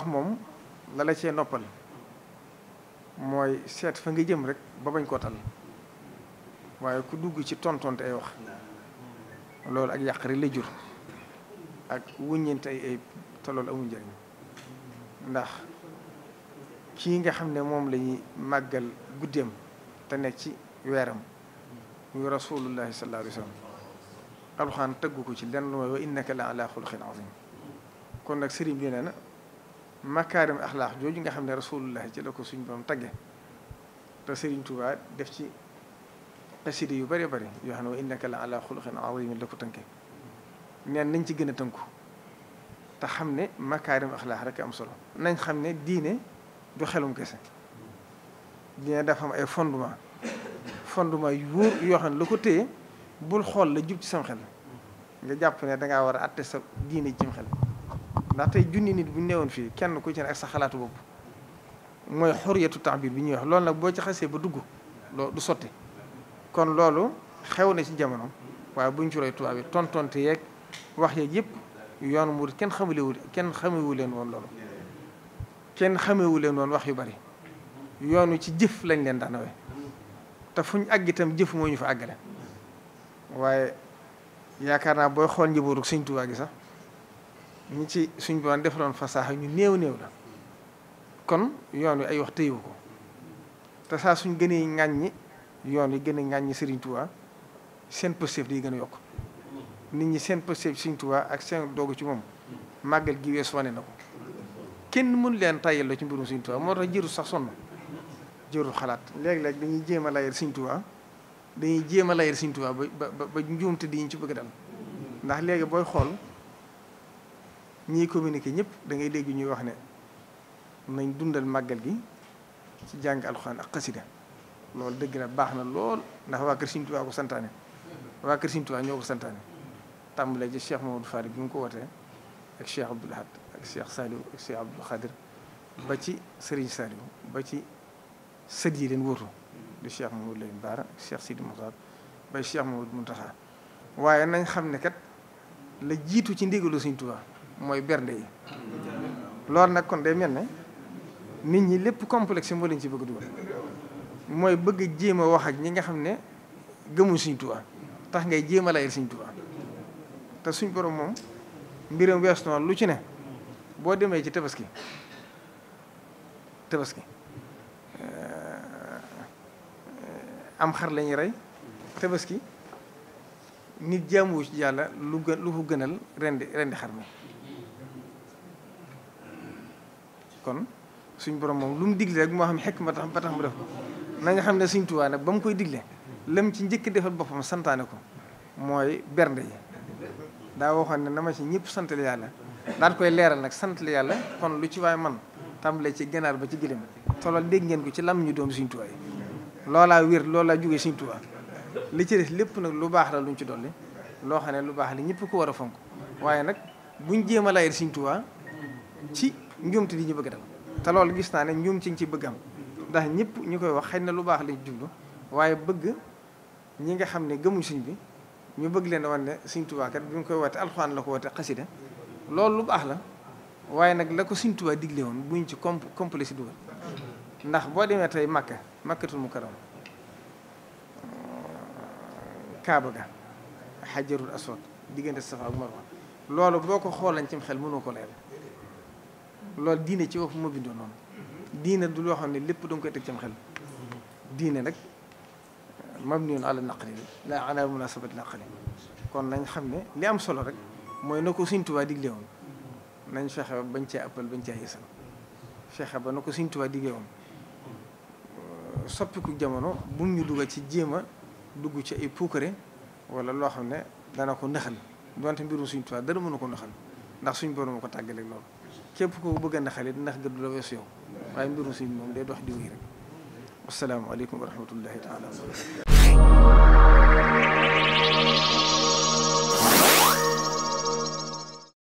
wax moom la la cee noppal mooy seet fa nga jëm rek ba bañ koo tal waaye ku dugg ci tontonte ay wax loolu ak yàq rek la jur ak wuññeente ay ay te loolu amul njëriñ ndax kii nga xam ne moom lañuy ñuy màggal guddeem te nekk ci weeram muy rasulullahi sallallahu alayhi wa alxaan tëggu ko ci lenn lu mooy wa innaka la ala xuluqin azim kon nag sëriñ bi nee na makaarim axlaax jooju nga xam ne rasulullah ci la ko suñ borom tagge te Serigne Touba def ci xasida yu bare bëri yoo xam ne wa innaka la ala xuluqin azimin la ko tënke neen nañ ci gën a tënku te xam ne makaarim axlaax rek am solo nañ xam ne diine du xelum kese diine dafa am ay fondement fondement yu wóor yoo xam ne la ko téye bul xool la jub ci sam xel nga jàpp ne dangaa war a atte sa diine ci xel ndax tey junni nit bu ñu newoon fii kenn ku ci ne ak sa xalaatu bopp mooy xor xoriyatu taabir bi ñuy wax loolu nag boo ca xasee ba dugg loolu du sotti kon loolu xew na ci jamono waaye buñ ci roy tubaab yeeg wax yeeg yëpp yoon mu kenn xamulewul kenn xamewu leen woon loolu kenn xamewu leen woon wax yu bari yoonu ci jëf lañ leen daan nawe te fuñ àgg itam jëf moo ñu fa àggale waaye yaakaar naa booy xool njëbootu Sëñ Tuubaa gi sax ñu ci suñ boon defaloon fa saaxa ñu néew néew la kon yoon wi ay wax tëyewu ko te saa suñ gënee ŋàññi yoon wi gën a ŋàññi Sëriñ Tuubaa seen pëstéef di gën a yokk nit ñi seen pëstéef Sëriñ Tuubaa ak seen doogu ci moom màggal gi wees wane na ko kenn mënu leen tàyyal la ci mbirum Sëriñ Tuubaa moo tax jërul sax sonn jëru xalaat léegi la dañuy jéem a layal Sëriñ Tuubaa dañuy jéem a layal Sëriñ Tuubaa ba ba ba njuumte di ñu ci bëgg dal ndax léegi booy xool ñiy communiqué ñëpp da ngay dégg ñuy wax ne nañ dundal màggal gi ci jàng alxuraan ak xasida loolu dëgg la baax na lool ndax waa Kër Sëriñ Tuubaa ko santaane waa Kër Sëriñ Tuubaa ñoo ko santaane tàmbalee ci Cheikh Mamadou Farid bi mu ko wootee ak Cheikh Abdoul Ahad ak Cheikh Saliou ak Cheikh Abdoul Khadir ba ci Serigne Saliou ba ci sët yi leen wóotu di Cheikh Mamadou Lamine Bara ak Cheikh Sidi Moukhtar ba Cheikh Mamadou Mountakha waaye nañ xam ne kat la jiitu ci ndigalu Sëriñ Tuubaa mooy bernde yi loolu nag kon day mel ne nit ñi lépp complexe moo leen ci bëgg dugal mooy bëgg jéem a wax ak ñi nga xam ne gëmuñ Sëriñ Tuubaa tax ngay jéema a layal Sëriñ Tuubaa te suñ borom moom mbiram wees noonu lu ci ne boo demee ci tabaski tabaski eh, am xar lañuy rey tabaski nit jaamuwu ci yàlla lu gën lu ko gënal rendi rendi xar mi kon suñ borom moom lu mu digle rek moo xam xekk ma tax ba tax mu def ko na nga xam ne suñ Tuubaa nag ba mu koy digle lam ci njëkk defal boppam santaane ko mooy bernde yi daa waxoon ne na ma ci ñëpp santale yàlla daal koy leeral nag santale yàlla kon lu ci waay man tàmbalee ci ganaar ba ci gëléem tolol dégg ngeen ko ci lam ñu doom suñ Tuubaa yi loolaa wér loolaa jógee suñ Tuubaa li ci des lépp nag lu baax la luñ ci dolli loo xam ne lu baax la ñëpp ko war a fonk njuumte li ñu bëgg dem te loolu gis naa ne njuum ci ci bëgg ndax ñëpp ñu koy wax xëy na lu baax lañ jublu waaye bëgg ñi nga xam ne gëmuñ siñ bi ñu bëgg leen wan ne suñ tubaa bi mu koy woote alxuraan la ko woote xasida loolu lu baax la waaye nag la ko suñ tubaa digle woon buñ ci comp complet si dugal ndax boo demee tey makka makkatul mukarram euh, kaaba ga xajarul aswad diggante safa ak marwa loolu boo ko xoolañ cim xel mënu ko leer loolu diine ci wax moo bindoo noonu diine du loo xam ne lépp da koy teg cam xel diine nag mabniun ala naqli la ala munasabati naqli kon nañ xam ne li am solo rek mooy na ko Sëñ Tuubaa digle woon nañ fexe bañ cee appal bañ cee yësal fexe ba na ko Sëñ Tuubaa digle woon soppiku jamono bu ñu dugal ci jéem a dugg ci ay puukare wala loo xam ne dana ko nëxal donte mbirum Sëñ Tuubaa dara mënu ko nëxal ndax suñ borom ko tàggaleeg loolu képp ko bëgg a naxalit ndax gëdd la weesu yow waaye mbirum sëñ moom day dox di wéy rek wasalaamaaleykum wa rahmatullahi taala